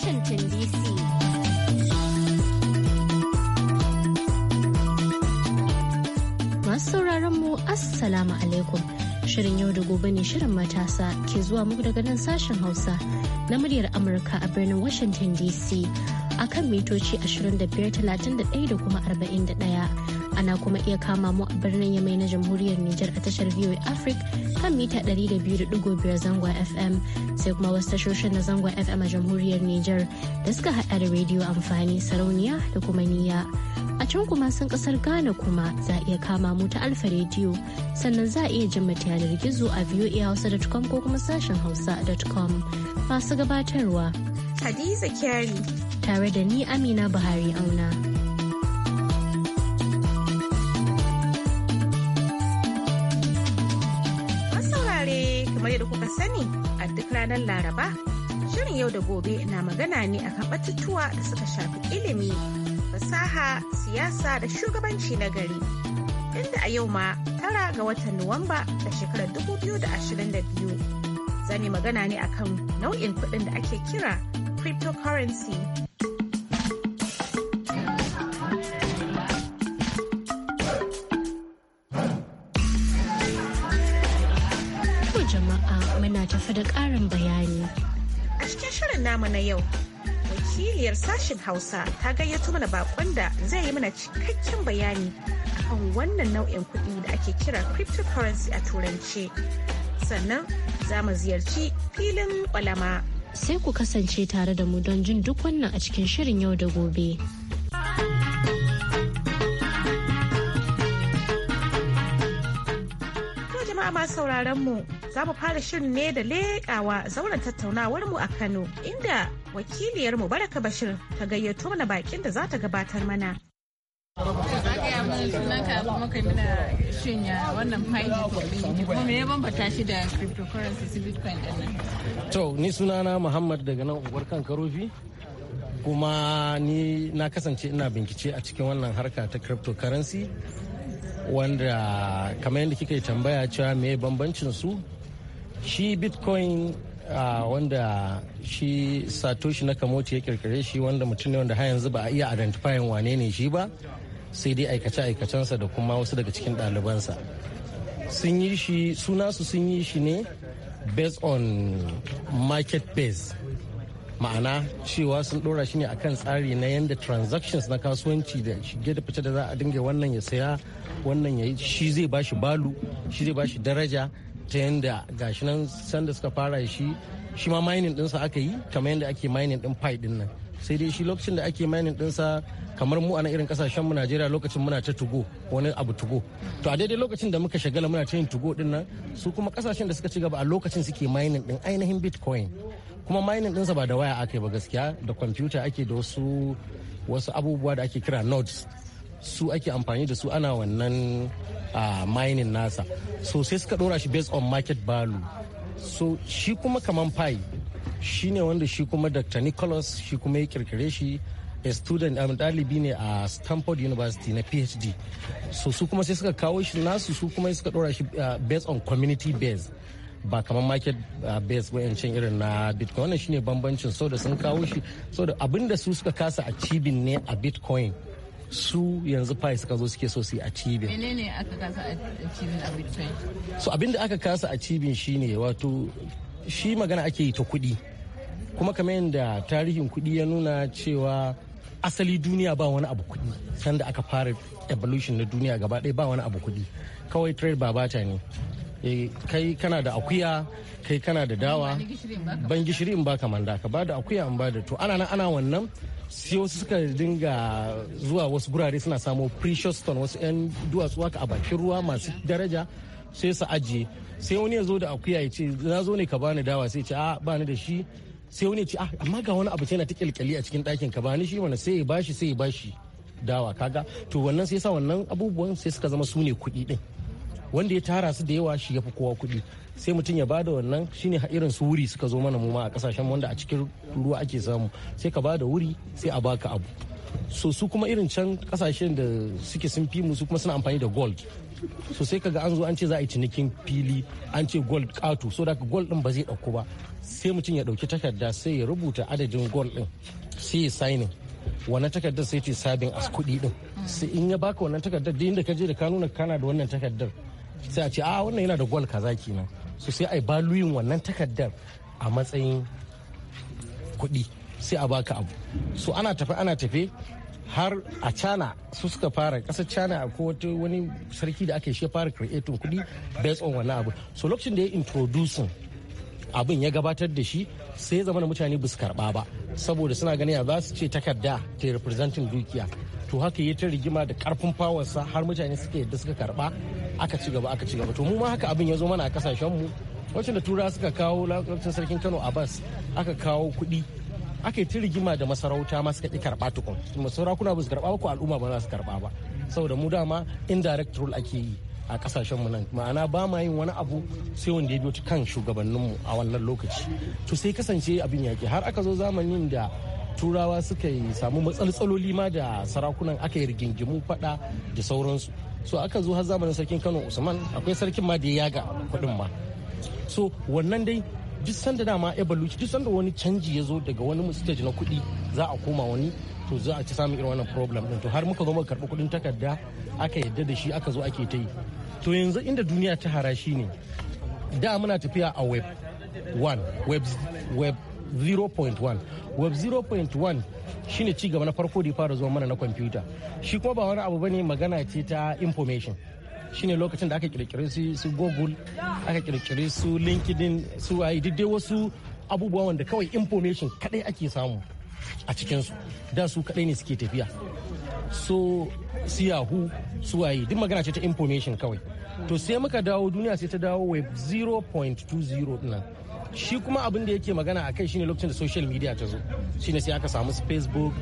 Washington DC. Masu sauraron mu Assalamu alaikum. Shirin yau da gobe ne shirin matasa ke zuwa muku daga nan sashen Hausa na muryar Amurka a birnin Washington DC a kan mitoci 25,31 da kuma 41. Ana kuma iya kama mu a birnin Yamai na Jamhuriyar Nijar a tashar VOA Africa kan mita 200.5 zangon FM sai kuma wasu tashoshin na zangon FM a jamhuriyar Nijar da suka haɗa da rediyo amfani sarauniya da kuma niya A can kuma sun kasar Ghana kuma za a iya kama mu ta alfa rediyo sannan za a iya jin mata yanar gizo a hausa voahausa.com ko kuma sashen hausa.com masu gabatarwa. Hadiza Kyari. Tare da ni Amina Buhari Auna. da gobe na magana ne akan batutuwa da suka shafi ilimi, fasaha, siyasa da shugabanci na gari. Inda a yau ma tara ga watan Nuwamba da shekarar 2022 zane magana ne akan nau'in kuɗin da ake kira cryptocurrency namu na yau. Wakiliyar sashen Hausa ta gayyato mana bakon da zai yi mana cikakken bayani kan wannan nau'in kuɗi da ake kira cryptocurrency a turance. Sannan za mu ziyarci filin kwalama. Sai ku kasance tare da mu don jin duk wannan a cikin shirin yau da gobe. masu sauraron mu za mu fara shirin ne da leƙawa zauren tattaunawar mu a Kano inda wakiliyar mu Baraka Bashir ta gayyato mana bakin da za ta gabatar mana. To ni sunana Muhammad daga nan uwar kan karofi kuma ni na kasance ina bincike a cikin wannan harka ta cryptocurrency wanda kamar yadda kika yi tambaya cewa me bambancin su shi bitcoin uh, wanda shi satoshi kamoti ya kirkire shi wanda mutum ne wanda har yanzu ba a iya identifying wane ne shi ba sai dai aikace-aikacensa da kuma wasu daga cikin ɗalibansa sun yi shi sunasu sun yi shi ne based on market base ma'ana cewa sun dora shi ne a kan tsari na yadda transactions na kasuwanci da shige da fice da za a dinga wannan ya saya wannan ya shi zai bashi balu shi zai bashi daraja ta yadda gashi nan sanda suka fara shi shi ma mining dinsa aka yi kamar yadda ake mining din pipe din nan sai dai shi lokacin da ake mining dinsa kamar mu a irin kasashen mu Najeriya lokacin muna ta tugo wani abu tugo to a daidai lokacin da muka shagala muna ta yin tugo din nan su kuma kasashen da suka ci gaba a lokacin suke mining din ainihin bitcoin kuma mining din ba da waya aka yi ba gaskiya da kwamfuta ake da wasu wasu abubuwa da ake kira nodes su ake amfani da su ana wannan mining nasa so sai suka ɗora shi based on market value so shi kuma kaman pi shi ne wanda shi kuma dr nicholas shi kuma ya kirkire shi a student um, ɗalibi ne a stanford university na phd so su kuma sai suka kawo shi nasu su kuma suka ɗora shi uh, based on community based ba kamar market uh, base wayancin irin na bitcoin wannan shine bambancin so da sun kawo shi so da abinda su suka kasa a cibin ne a bitcoin su yanzu pi suka zo suke so su yi a cibin. Menene aka kasa a cibin a bitcoin? So abinda aka kasa a cibin shine wato shi magana ake yi ta kuɗi. Kuma kamar yadda tarihin kuɗi ya nuna cewa asali duniya ba wani abu kuɗi sanda aka fara evolution na duniya gaba ɗaya ba wani abu kuɗi kawai trade ba bata ne Eh, kai kana da akuya kai kana da dawa ban gishiri in baka manda ka ba da akuya in ba da to ana nan ana wannan sai wasu suka dinga zuwa wasu gurare suna samo precious stone wasu 'yan duwatsu ka a bakin ruwa masu daraja sai su ajiye sai wani ya zo da akuya ya ce na zo ne ka bani dawa sai ce a ah, bani da shi sai wani ya ce ah, amma ga wani abu yana ta kyalkyali a cikin ɗakin ka bani shi wani sai ya bashi sai ya bashi dawa kaga to wannan sai sa wannan abubuwan sai suka zama su ne kuɗi din wanda ya tara su da yawa shi ya fi kowa kuɗi sai mutum ya bada wannan shine irin su wuri suka zo mana mu ma a kasashen wanda a cikin ruwa ake samu sai ka bada wuri sai a baka abu so su kuma irin can kasashen da suke sun fi mu su kuma suna amfani da gold so sai kaga an zo an ce za a yi cinikin fili an ce gold katu so da gold din ba zai dauko ba sai mutum ya dauki takarda sai ya rubuta adadin gold din sai ya signing wannan takardar sai ce sabin as kuɗi din sai in ya baka wannan takardar da inda ka je da ka nuna kana da wannan takardar sai a ce a ah, wannan yana da gwal kaza kenan so sai a yi baluyin wannan takardar a matsayin kuɗi sai a baka abu so ana tafe ana tafe har a cana su suka fara kasar cana a ko wani sarki da aka yi shi fara creating kuɗi based on wannan abu so lokacin da ya introducing abin ya gabatar da shi sai ya zama da mutane ba su karba ba saboda suna ganin ya za su ce takarda ta representing dukiya to haka ya ta rigima da karfin fawarsa har mutane suka yadda suka karɓa. aka ci gaba aka ci gaba to mu ma haka abin ya zo mana a kasashen mu wacce da tura suka kawo lokacin sarkin Kano Abbas aka kawo kuɗi aka yi rigima da masarauta ma suka ƙi karɓa tukun sarakuna ba su karɓa ba ko al'umma ba za su karɓa ba saboda mu dama indirect rule ake yi a kasashen mu nan ma'ana ba ma yin wani abu sai wanda ya biyo ta kan shugabannin mu a wannan lokaci to sai kasance abin yaki har aka zo zamanin da turawa suka yi samu matsaltsaloli ma da sarakunan aka yi rigingimu fada da sauransu so aka zo har zamanin sarkin kano usman akwai sarkin ma da ya yaga kuɗin ma so wannan dai duk sanda dama baluci duk sanda wani canji ya zo daga wani stage na kudi za a koma wani to za a ci samun irin wannan problem din to har muka zo muka karɓi kuɗin takarda aka yadda da shi aka zo ake ta yi to yanzu inda duniya ta harashi ne da muna tafiya a web 1 web, web 0.1 web 0.1 shine ci gaba na farko da fara zuwa mana na kwamfuta shi kuma ba wani abu bane magana ce ta information shine lokacin da aka kirkiri su google aka kirkiri su linkedin su ai dai wasu abubuwa wanda kawai information kadai ake samu a cikinsu da su kadai ne suke tafiya so su yahoo su waye duk magana ce ta information kawai to sai muka dawo duniya sai ta dawo web 0.20 nan shi kuma abin da yake magana a kai shine lokacin da social media ta zo shine sai aka samu facebook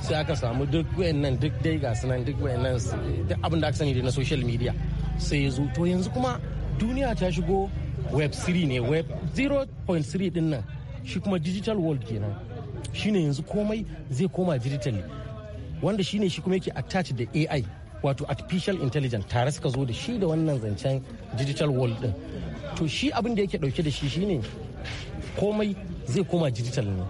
sai aka samu duk wayannan duk dai ga sunan duk wayannan duk abin da aka sani da na social media sai ya zo to yanzu kuma duniya ta shigo web 3 ne web 0.3 din nan shi kuma digital world kenan shine yanzu komai zai koma digital wanda shine shi kuma yake attached da ai wato artificial intelligence tare suka zo da shi da wannan zancen digital world din to shi abin da yake dauke da shi shine komai zai koma digital ne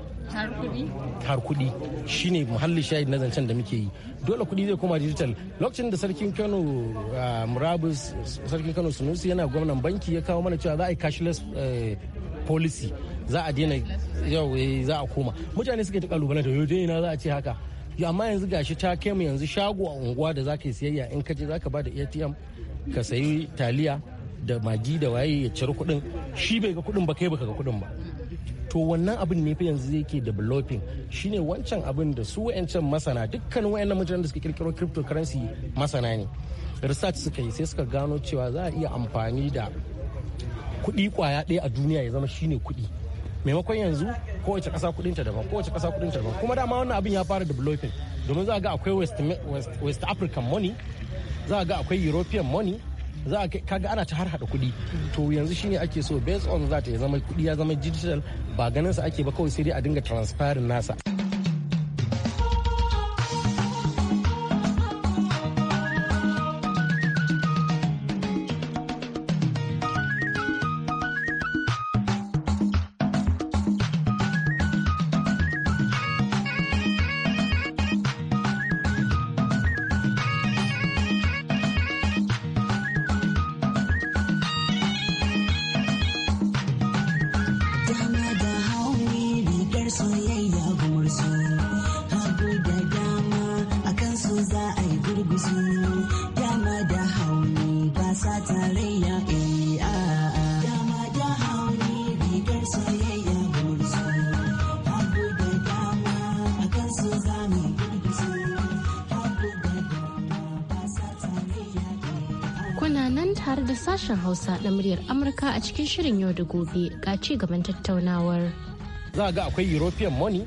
har kudi har ne shine muhalli shahid na zancen da muke yi dole kudi zai koma digital lokacin da sarkin kano ah, murabus sarkin kano sunusi yana gwamnan banki ya kawo mana cewa za a yi cashless eh, policy za a daina yau eh, za a koma mutane suka ta kalubale da yau na za a ce haka amma yanzu gashi ta kai mu yanzu shago a unguwa da za ka yi siyayya in ka je za ka ba da atm ka sayi taliya da magi da waye ya ciri kuɗin shi bai ga kuɗin ba kai baka ga kuɗin ba to wannan abin ne fa yanzu yake developing shine wancan abin da su wayancan masana dukkan wayannan mutanen da suka kirkiro cryptocurrency masana ne research suka yi sai suka gano cewa za a iya amfani da kuɗi kwaya ɗaya a duniya ya zama shine kuɗi maimakon yanzu kowace ƙasa kuɗinta daban kowace ƙasa kuɗinta daban kuma dama wannan abin ya fara developing domin za a ga akwai west, west, west african money za a ga akwai european money za a kaga ana ta har hada kuɗi to yanzu shine ake so based on that ya zama kuɗi ya zama digital ba ganin sa ake ba kawai sai dai a dinga transferring nasa yanzu dama da hauni tarayya nan tare da sashen hausa na muryar amurka a cikin shirin yau da gobe ga ci gaban tattaunawar za a ga akwai european money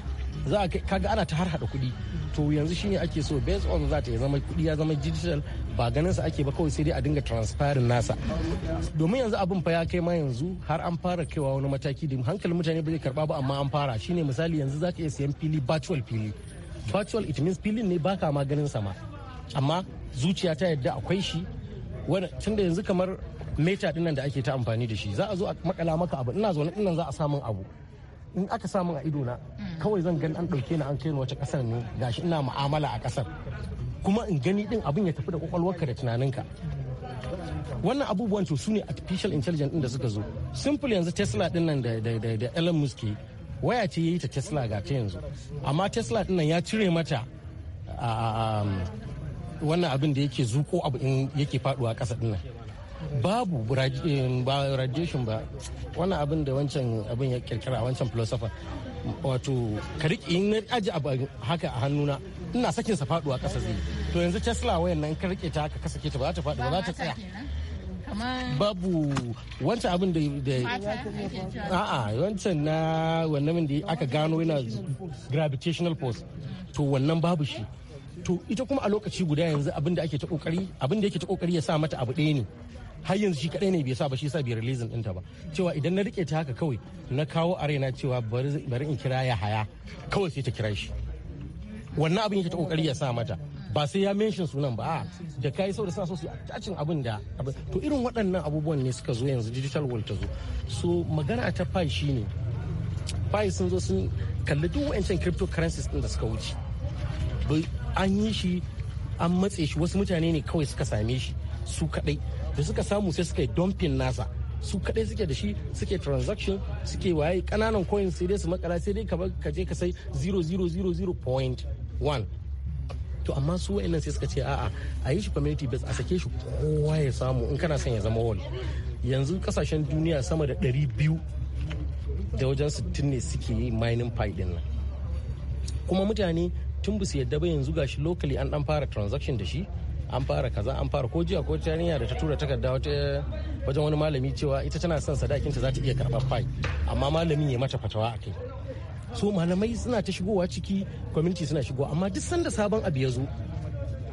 za a ga ana ta har hada kuɗi to yanzu shine ake so based on that ya zama kuɗi ya zama digital ba ganin sa ake ba kawai sai dai a dinga transparent nasa domin yanzu abin fa ya kai ma yanzu har an fara kaiwa wani mataki da hankalin mutane ba zai karba ba amma an fara shine misali yanzu zaka iya sayan fili virtual fili virtual it means filin ne baka ma ganin sa ma amma zuciya ta yadda akwai shi wani tunda yanzu kamar meta dinnan da ake ta amfani da shi za a zo a makala maka abu ina zaune dinnan za a samun abu in aka samu a ido na kawai zan gani an ɗauke ni an kai ni wace ƙasar ne gashi ina mu'amala a ƙasar kuma in gani din abin ya tafi da kwakwalwarka da tunaninka wannan abubuwan to sune ne artificial intelligence din da suka zo simple yanzu tesla din nan da elon musk waya ce ya yi ta tesla ga ta yanzu amma tesla din nan ya cire mata ah, ah, ah, wannan abin da yake zuko abu in yake faduwa ƙasa din nan babu eh, radiation ba wannan abin da wancan abin ya kirkira wancan philosopher wato kariki in aji abu haka a hannuna ina sakin sa faduwa kasa zai to yanzu tesla wayan nan karke ta haka kasa ke ta ba ta faɗi ba ta tsaya babu wancan abin da a'a wancan na wannan min da aka gano yana gravitational force to wannan babu shi to ita kuma a lokaci guda yanzu abin da ake ta kokari abin da yake ta kokari ya sa mata abu ɗaya ne har yanzu shi kadai ne bai sa ba shi sa bai release dinta ba cewa idan na rike ta haka kawai na kawo arena cewa bari in kira ya haya kawai sai ta kira shi wannan abin yake ta kokari ya sa mata ba sai ya mention sunan ba da kai saboda suna so su tacin abin da to irin waɗannan abubuwan ne suka zo yanzu digital world ta zo so magana ta shi shine fai sun zo sun kalli duk wa'ancan cryptocurrencies din da suka wuce an yi shi an matse shi wasu mutane ne kawai suka same shi su kadai da suka samu sai suka yi dumping nasa su kadai suke da shi suke transaction suke waye kananan coins sai dai su makara sai dai kamar ka je ka sai 0000.1 to amma su wa'annan sai suka ce a'a a yi shi community base a sake shi kowa ya samu in kana son ya zama wall yanzu kasashen duniya sama da 200 da wajen 60 ne suke yi mining pie din nan kuma mutane tun ba su yadda ba yanzu gashi locally an dan fara transaction da shi an fara kaza an fara ko jiya ko yarinya da ta tura takarda wata wajen wani malami cewa ita tana son sadakinta za ta iya karɓar fai amma malamin ya mata fatawa a kai so malamai suna ta shigowa ciki community suna shigowa amma duk sanda sabon abu ya zo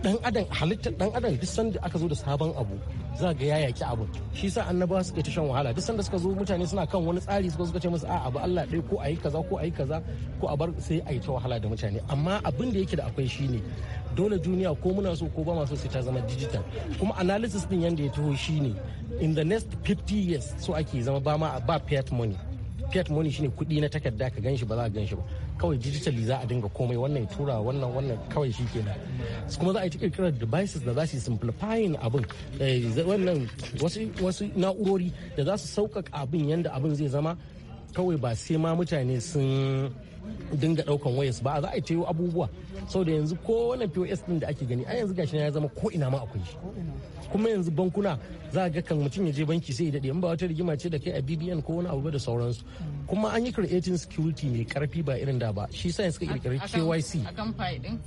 dan adam halittar dan adam duk sanda aka zo da sabon abu za ga ya yaki abu shi sa annabawa suke ta shan wahala duk sanda suka zo mutane suna kan wani tsari suka suka ce musu a'a ba Allah dai ko ayi kaza ko ayi kaza ko a bar sai a ta wahala da mutane amma abin da yake da akwai shine dole duniya ko muna so ko ba ma so sai ta zama digital kuma analysis din yanda ya taho shine in the next 50 years so ake zama ba ma ba fiat money fiat money shine kuɗi na takarda ka ganshi ba za ka ganshi ba kawai digitally za a dinga komai wannan tura wannan wannan kawai shi kenan kuma za a yi ta kirkirar devices da za su simplifying abin eh, wannan wasu na'urori da za su sauƙaƙa abin yadda abin zai zama kawai ba sai ma mutane sun dinga daukan wayas ba za a ce abubuwa sau da yanzu ko wannan POS din da ake gani a yanzu gashi ya zama ko ina ma akwai shi kuma yanzu bankuna za ga kan mutum ya je banki sai ya dade in ba wata rigima ce da kai a BBN ko wani abu da sauransu mm. kuma an yi creating security mai karfi ba irin da ba shi sa suka kirkiri KYC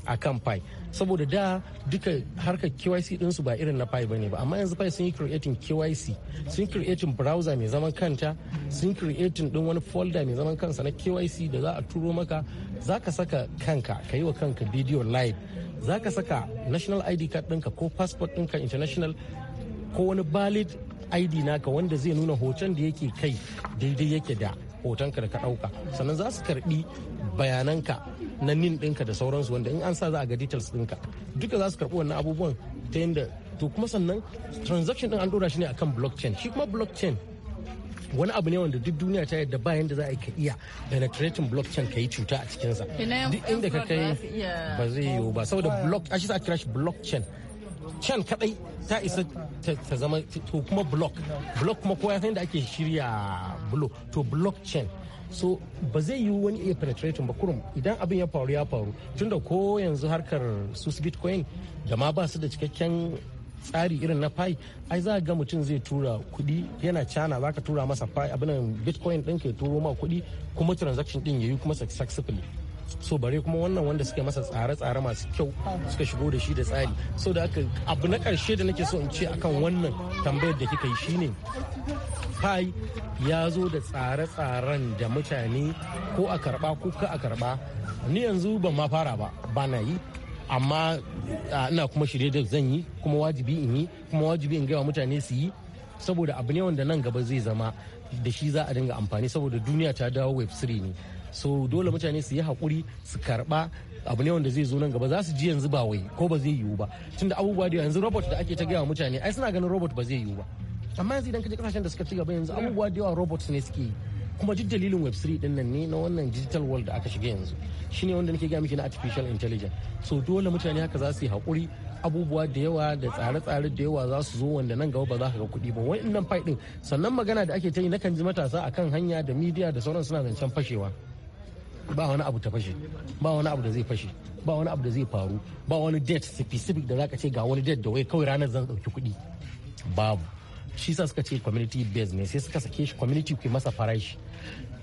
a kan pi saboda da duka harkar KYC din su ba irin na pi bane ba amma yanzu pi sun yi creating KYC sun creating browser mai zaman kanta mm. sun creating din wani folder mai zaman kansa na KYC da za a turo turo maka za ka saka kanka ka yi wa kanka bidiyo live za ka saka national id card ɗinka ko passport ɗinka international ko wani valid id naka wanda zai nuna hoton da yake kai daidai yake da hotonka da ka ɗauka sannan za su karɓi bayananka na nin ɗinka da sauransu wanda in an sa za a ga details ɗinka duka za su karɓi wannan abubuwan ta yadda to kuma sannan transaction ɗin an ɗora shi ne akan blockchain shi kuma blockchain wani abu ne wanda duk duniya ta yadda bayan da za a ka iya penetrating blockchain ka yi cuta a cikinsa duk inda ka kai ba zai yiwu ba saboda block a shi sa a kira shi blockchain can kadai ta isa ta zama to kuma block block kuma kowa san da ake shirya block to blockchain so ba zai yi wani iya penetrating ba kurum idan abin ya faru ya faru tunda ko yanzu harkar su bitcoin da ma ba su da cikakken tsari irin na fai ai za ga mutum zai tura kuɗi yana cana za ka tura masa pi abin bitcoin ɗin ke turo ma kuɗi kuma transaction ɗin yayi kuma successfully so bare kuma wannan wanda suke masa tsare-tsare masu kyau suka shigo da shi da tsari so da aka abu na karshe da nake so in ce akan wannan tambayar da kika yi shine fai ya zo da tsare-tsaren da mutane ko a karba ko ka a karba ni yanzu ban ma fara ba ba na yi amma ah, ina kuma shirye da zan yi kuma wajibi in yi kuma wajibi in gaya mutane su yi saboda abu ne wanda nan gaba zai zama da shi za a dinga amfani saboda duniya ta dawo web 3 ne so dole mutane su yi hakuri su karba abu ne wanda zai zo nan gaba za su ji yanzu ba wai ko ba zai yiwu ba tunda abubuwa da yanzu robot da ake ta gaya mutane ai suna ganin robot ba zai yiwu ba amma yanzu idan ka je kasashen da suka ci gaba yanzu abubuwa da yawa robots ne suke yi kuma duk dalilin web3 din nan ne na wannan digital world da aka shiga yanzu shine wanda nake gaya miki na artificial intelligence so dole mutane haka za su yi haƙuri abubuwa da yawa da tsare-tsare da yawa za su zo wanda nan gaba ba za ka ga kuɗi ba nan fight din sannan magana da ake ta yi nakan ji matasa akan hanya da media da sauran suna zancen fashewa ba wani abu ta fashe ba wani abu da zai fashe ba wani abu da zai faru ba wani date specific da zaka ce ga wani date da wai kawai ranar zan dauki kuɗi babu shi sa suka ce community based ne sai suka sake shi community ku masa farashi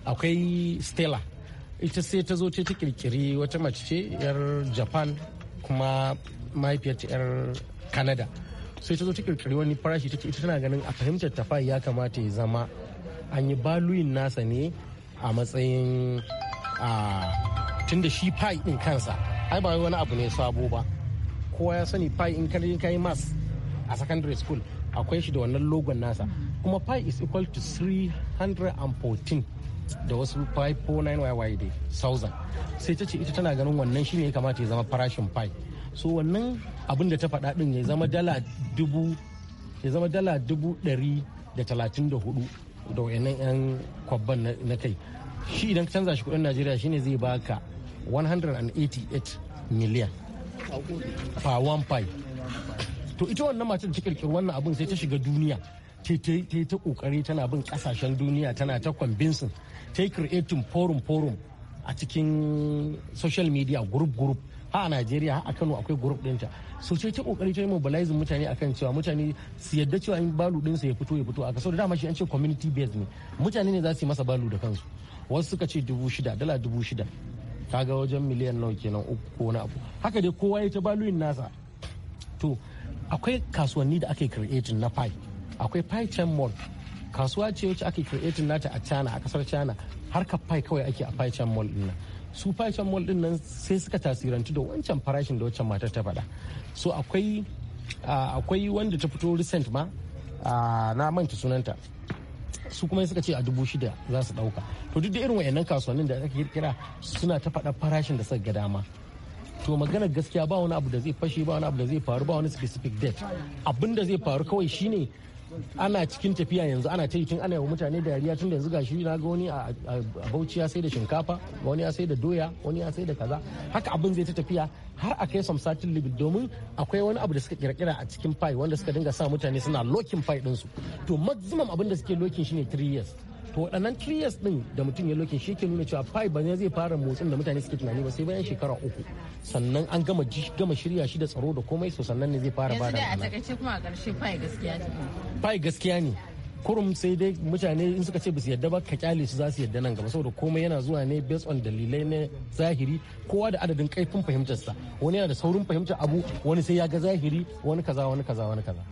akwai stella ita sai ta zo ta kirkiri wata mace ce yar japan kuma mahaifiyarta yar canada sai ta zo ta kirkiri wani farashi ta ce ita tana ganin a fahimtar tafai ya kamata ya zama an yi baluyin nasa ne a matsayin tun da shi pi in kansa ai ba wani abu ne sabo ba kowa ya sani pi in kai mas a secondary school akwai shi da wannan logon nasa kuma pi is equal to 314 da wasu 549yy da sauzan sai ta ce ita tana ganin wannan ne ya kamata ya zama farashin pi so wannan abin da ta faɗa ɗin ya zama dala dubu ya zama dala dubu ɗari da talatin da hudu da wayannan yan kwabban na kai shi idan ka canza shi kuɗin najeriya shine zai baka 188 miliyan pa one pi. to ita wannan matan ta kirkiri wannan abin sai ta shiga duniya ta yi ta kokari tana bin kasashen duniya tana ta convincing ta yi creating forum forum a cikin social media group group ha a nigeria ha a Kano akwai group dinta so sai ta kokari ta yi mobilizing mutane akan cewa mutane su yadda cewa in balu dinsa ya fito ya fito a kaso da dama shi an ce community based ne mutane ne za su yi masa balu da kansu wasu suka ce dubu shida dala dubu shida kaga wajen miliyan nawa kenan uku ko wani abu haka dai kowa ya ta baluyin nasa to akwai kasuwanni da ake creating na pie akwai pie chain mall kasuwa ce wacce ake creating nata a china a kasar china harka pie kawai ake a pie chain mall dinnan su pie chain mall dinnan sai suka tasirantu da wancan farashin da wancan matar ta faɗa so akwai akwai wanda ta fito recent ma na manta sunanta su kuma suka ce a dubu shida za su dauka to duk da irin wayannan kasuwannin da aka kira suna ta faɗa farashin da suka ga dama to magana gaskiya ba wani abu da zai fashe ba wani abu da zai faru ba wani specific date abin da zai faru kawai shine ana cikin tafiya yanzu ana ta tun ana yawa mutane dariya tun da yanzu gashi na ga wani a bauchi ya sai da shinkafa wani ya sai da doya wani ya sai da kaza haka abin zai ta tafiya har a kai samsatin libid domin akwai wani abu da suka kirkira a cikin fai wanda suka dinga sa mutane suna lokin fai su to maximum abin da suke lokin shine 3 years to waɗannan triyas din da mutum ya loke shi ke nuna cewa pipe ba zai fara motsin da mutane suke tunani ba sai bayan shekara uku sannan an gama gama shirya shi da tsaro da komai so sannan ne zai fara ba da yanzu a gaskiya ne pipe gaskiya ne kurum sai dai mutane in suka ce basu yadda ba ka kyale su za su yadda nan gaba saboda komai yana zuwa ne based on dalilai na zahiri kowa da adadin kaifin fahimtarsa wani yana da saurin fahimtar abu wani sai ya ga zahiri wani kaza wani kaza wani kaza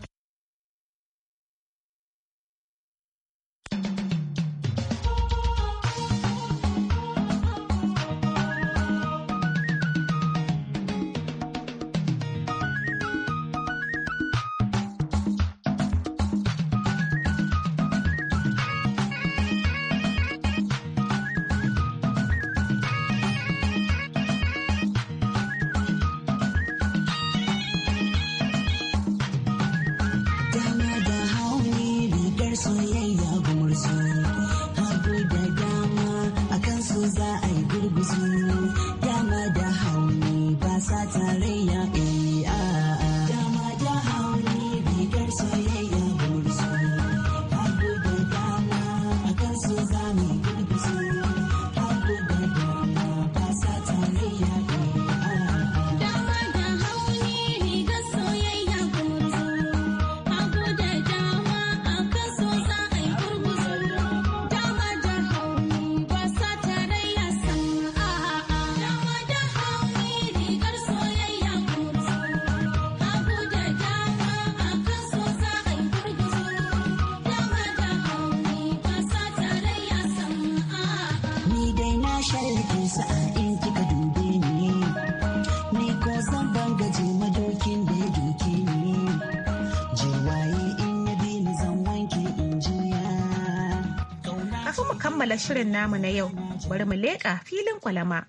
kammala shirin namu na yau bari mu leƙa filin kwalama.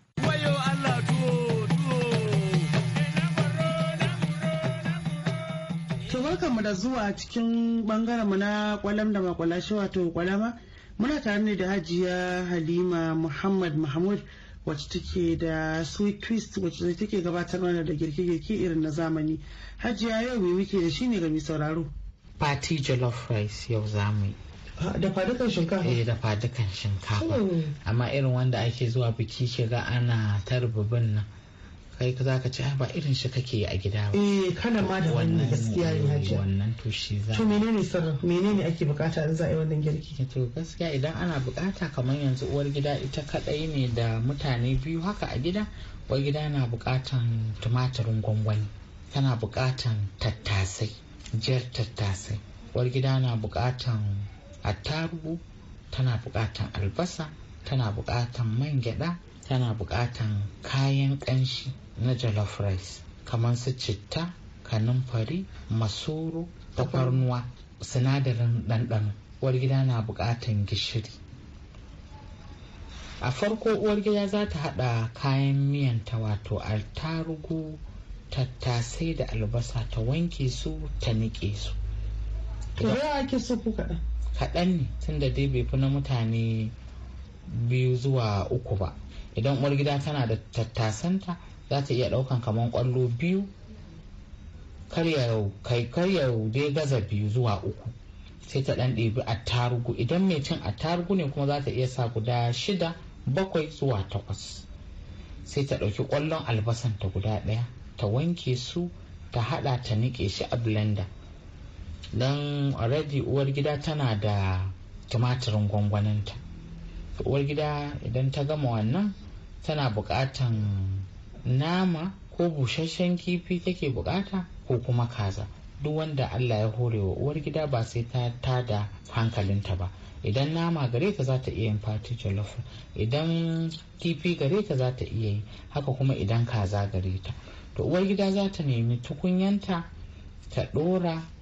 mu da zuwa cikin bangaren mu na kwalam da makwalashi wato kwalama muna tare ne da hajiya halima muhammad mahmud wacce take da sweet twist wacce take gabatar mana da girke-girke irin na zamani hajiya yau mai muke da shi ne ga mai sauraro party jollof rice yau zamu da fadukan shinkafa eh da fadukan shinkafa amma irin wanda ake zuwa biki shiga ana tarbabin nan kai ka zaka ci ba irin shi kake a gida ba eh kana ma da wannan gaskiya ne haji wannan to shi za to menene sir menene ake bukata in za a yi wannan girki eh, to gaskiya idan ana bukata kamar yanzu uwar gida ita kadai ne da mutane biyu haka a gida uwar gida na bukatan tumatirin gwangwani tana bukatan tattasai jar tattasai uwar gida na bukatan attarugu tana buƙatan albasa tana buƙatan man gyaɗa tana buƙatan kayan ƙanshi na jollof rice kamar su citta kanumfari masoro tafarnuwa sinadarin ɗanɗano uwar gida na buƙatan gishiri a farko uwar gida za ta haɗa kayan miyanta wato altarugu tattasai da albasa ta wanke su ta niƙe su. Ki ake so ku kaɗan? kaɗan ne tun da dai bai fi na mutane biyu zuwa uku ba idan uwar gida tana da tattasanta za ta iya ɗaukan kamar ƙwallo biyu karyau dai gaza biyu zuwa uku sai ta ɗan ɗebi attarugu idan mai cin attarugu ne kuma za ta iya sa guda shida bakwai zuwa takwas sai ta ɗauki ƙwallon ta guda ɗaya ta wanke su ta haɗa ta niƙe shi a blender don already uwar gida tana da tumatirin gwangwaninta uwar gida idan ta gama wannan tana bukatan nama ko busasshen kifi take bukata ko kuma kaza duk wanda allah ya hore wa uwar gida ba sai ta tada hankalinta ba idan nama gare ta za ta iya yin fati jollof idan kifi gare ta za ta iya yi haka kuma idan kaza gare ta to uwar gida za ta nemi tukunyanta ta ɗora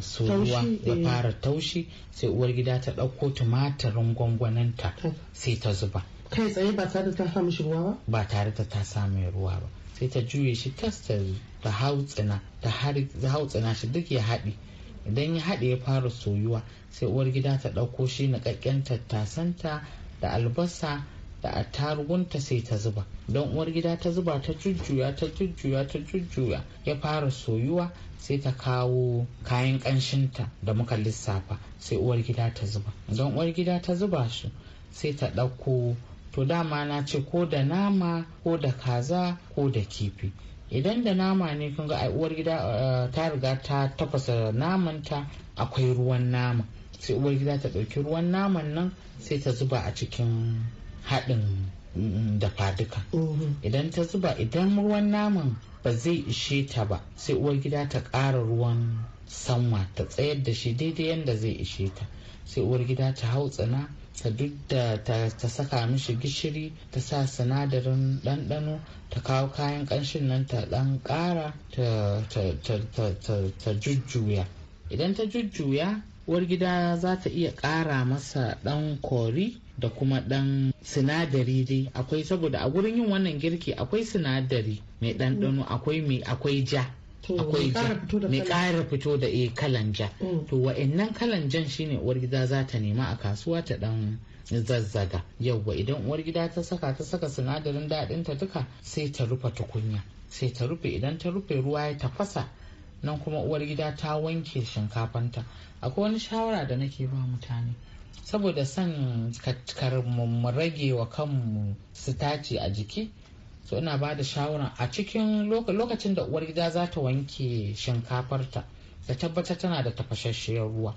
su ruwa ya eh. fara taushi sai uwar gida ta ɗauko tumatirin gwangwaninta sai ta zuba kai tsaye ba tare da ta samu shi ruwa ba ba tare da ta samu ruwa ba sai ta juye shi tas ta hautsina ta hautsina shi duk ya haɗi idan ya haɗe ya fara soyuwa sai uwar gida ta ɗauko shi na tattasanta da albasa da a tarugunta sai ta zuba don uwar gida ta zuba ta jujjuya ta jujjuya ta jujjuya ya fara soyuwa sai ta kawo kayan ta da muka lissafa sai uwar gida ta zuba don uwar gida ta zuba su sai ta ɗauko to dama na ce ko da nama ko da kaza ko da kifi idan da nama ne kun ga uwar gida eh, ta riga ta tafasa namanta akwai ruwan nama sai uwar gida ta ɗauki ruwan naman nan sai ta zuba a cikin haɗin mm, dafa duka mm-hmm. idan ta zuba idan ruwan naman ba zai ishe ta ba sai uwar gida ta ƙara ruwan sanwa ta tsayar da shi daidai yadda zai ishe ta sai uwar gida ta hau tsana ta duk da ta saka mishi gishiri ta sa sinadarin ɗanɗano ta kawo kayan ƙanshin nan ta ɗan ƙara ta jujjuya idan ta jujjuya uwar gida za ta iya ƙara masa ɗan kori da kuma ɗan sinadari dai akwai saboda a gurin yin wannan girki akwai sinadari mai ɗanɗano akwai mai akwai ja akwai mai ƙara fito da e kalan ja mm. to wa'annan kalan jan shine uwar gida za ta nema a kasuwa ta ɗan zazzaga yauwa idan uwar gida ta saka ta saka sinadarin daɗinta duka sai ta rufe tukunya sai ta rufe idan ta rufe ruwa ya tafasa nan kuma uwar gida ta wanke shinkafanta akwai wani shawara da nake ba mutane saboda son mu rage wa kanmu sitaci a jiki so ina ba da shawara a cikin lokacin da uwar gida za ta wanke shinkafarta ta tabbatar tana da tafashasshiyar ruwa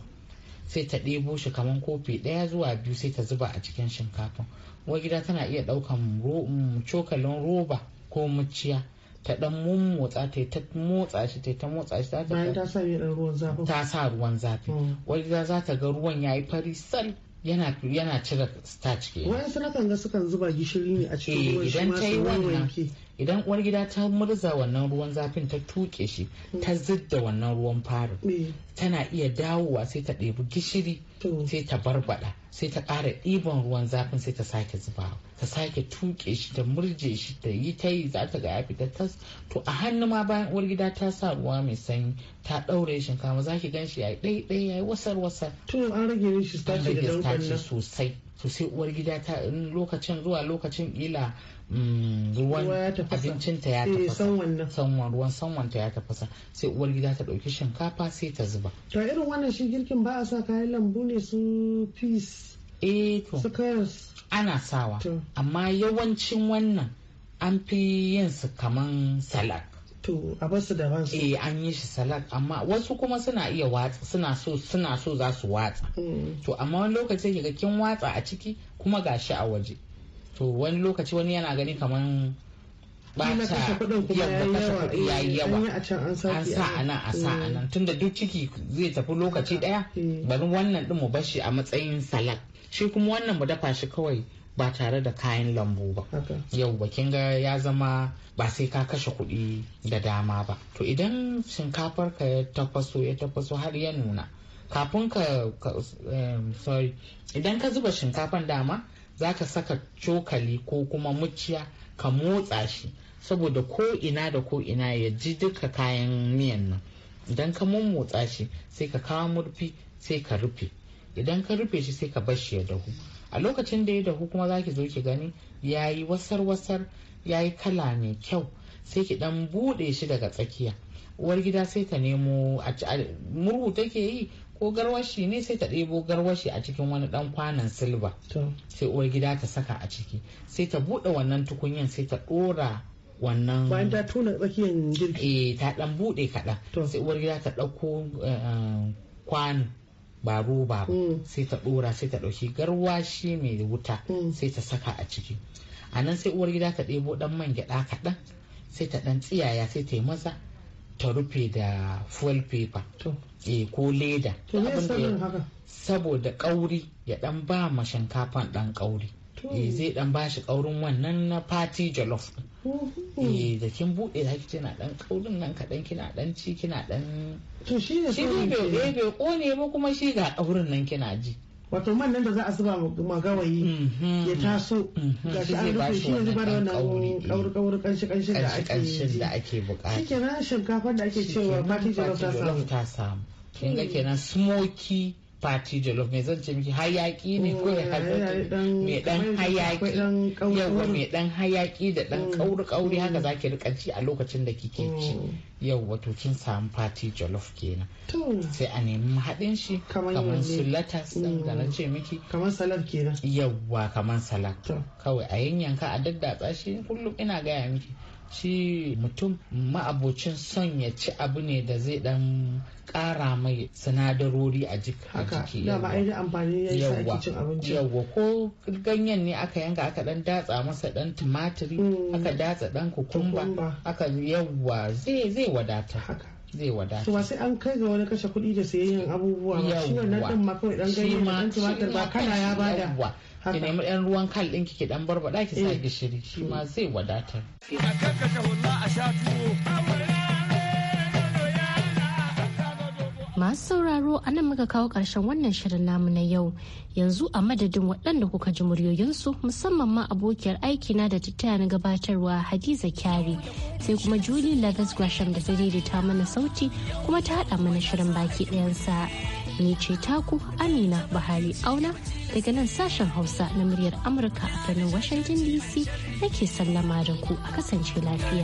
sai ta ɗebo shi kamar kofi ɗaya zuwa biyu sai ta zuba a cikin shinkafin uwar gida tana iya ɗaukan mm, cokalin roba ko muciya ta dan motsa ta ta motsa shi ta ta motsa shi ta ta sa ruwan zafi ta sa ruwan zafi hmm. wanda za ta ga ruwan yayi fari sal yana yana cire starch ke wani kan ga sukan zuba gishiri ne a cikin eh, ruwan shi ma su wanke idan uwar gida ta murza wannan ruwan zafin ta tuke shi ta mm. zidda wannan ruwan farin mm. tana iya dawowa sai ta ɗebi gishiri sai ta barbada sai ta ƙara ɗiban ruwan zafin sai ta sake zubawa ta sake tuke shi ta murje shi ta yi ta yi za ta ga ya fita tas to a hannu ma bayan uwar gida ta sa ruwa mai sanyi ta ɗaure shinkafa za ki gan shi ya yi ɗaiɗai ya yi wasar wasar to an rage shi sosai sosai uwar gida ta lokacin zuwa lokacin ila Mm, ruwan abincinta ya eh, tafasa sanwan ruwan sanwanta ya tafasa sai uwar gida ta ɗauki shinkafa sai ta zuba to irin wannan shi girkin ba a sa kayan lambu ne su peas eh, to ana sawa amma yawancin wannan an fi yin su kaman salak a basu da ransu eh an yi shi salak amma wasu kuma suna iya watsa suna so suna so za su watsa mm. to amma wani lokacin ga kin watsa a ciki kuma gashi a waje to wani lokaci wani yana gani kaman bata yadda ya yi yawa eh, an sa a nan a sa a nan mm. tunda duk ciki zai tafi lokaci daya eh. bari wannan din mu bashi a matsayin salak shi kuma wannan mu dafa shi kawai ba tare da kayan lambu ba yau ba kin ga ya zama ba sai ka kashe kuɗi da dama ba to idan shinkafar ka ya tafaso ya tafaso har ya nuna kafin ka sorry idan ka zuba shinkafan dama za ka saka cokali ko kuma muciya ka motsa shi saboda ko ina da ko ina ya ji duka kayan miyan nan idan ka mummotsa shi sai ka kawo murfi sai ka rufe idan ka rufe shi sai ka bar shi ya dahu a lokacin da ya dahu kuma za ki zo ki gani ya yi wasar-wasar ya yi kala mai kyau sai ki dan buɗe shi daga tsakiya uwar gida sai ta nemo murhu take yi ko garwashi ne sai ta ɗebo garwashi a cikin wani ɗan kwanan silba sai uwar gida ta saka a ciki sai ta buɗe wannan tukunyan sai ta ɗora wannan bayan ta tona tsakiyan girki eh ta ɗan buɗe kaɗan sai uwar gida ta ɗauko eh, kwano ba roba ba mm. sai ta ɗora sai ta ɗauki garwashi mai wuta mm. sai ta saka a ciki a nan sai uwar gida ta ɗebo ɗan man gyaɗa kaɗan sai ta ɗan tsiyaya sai ta yi maza ta rufe da fuel paper e ko leda saboda kauri ya dan ba ma shinkafan dan kauri e eh, zai dan ba shi kaurin wannan na party jollof e da kin bude da kike na dan kaurin nan kadan kina dan ci kina dan to shi ne shi bai bai kone ba kuma shi ga kaurin nan kina ji wato man nan da za a zuba ma gawayi mhm. ya taso mhm. ga shi an rufe shi yanzu ba da wannan kauri kauri kanshi kanshi da ake da ake bukata shikenan shinkafa da ake cewa fatin jollof ta samu kin ga kenan smoky fati jolof mai zan ce miki hayaki ne ko ya mai dan hayaki yawa mai dan hayaki da dan mm. kauri kauri haka mm. zaki rika ci a lokacin da kike mm. ci yau wato kin samu fati jolof kenan sai a nemi haɗin shi kamar su latas da na ce miki kamar salak kenan yawa kamar salad kawai a yanyanka a daddatsa shi kullum ina gaya miki shi mutum ma'abocin son ya ci abu ne da zai dan kara mai sinadarori a jiki yawwa ko ganyen ne aka yanka aka dan datsa masa dan tumatiri mm. aka datsa dan kukumba aka yawwa zai wadata zai wadata. Tuwa sai an kai ga wani kashe kuɗi da sayayyan abubuwa ba shi wannan ɗin ma kawai ɗan ganye ɗan tumatir ba kana ya bada. ki nemi ɗan ruwan kal ɗin ki dan barbada ki sa eh. gishiri shi ma mm. zai wadatar Masu sauraro a nan muka kawo ƙarshen wannan shirin namu na yau yanzu a madadin waɗanda kuka ji muryoyinsu musamman ma abokiyar aikina da tattaya na gabatarwa Hadiza Kyari sai kuma Julie Lagos Gresham da ta daidaita mana sauti kuma ta haɗa mana shirin baki ɗayansa. ni ce taku amina buhari auna daga nan sashen hausa na muryar amurka a birnin washington dc nake sallama da ku a kasance lafiya.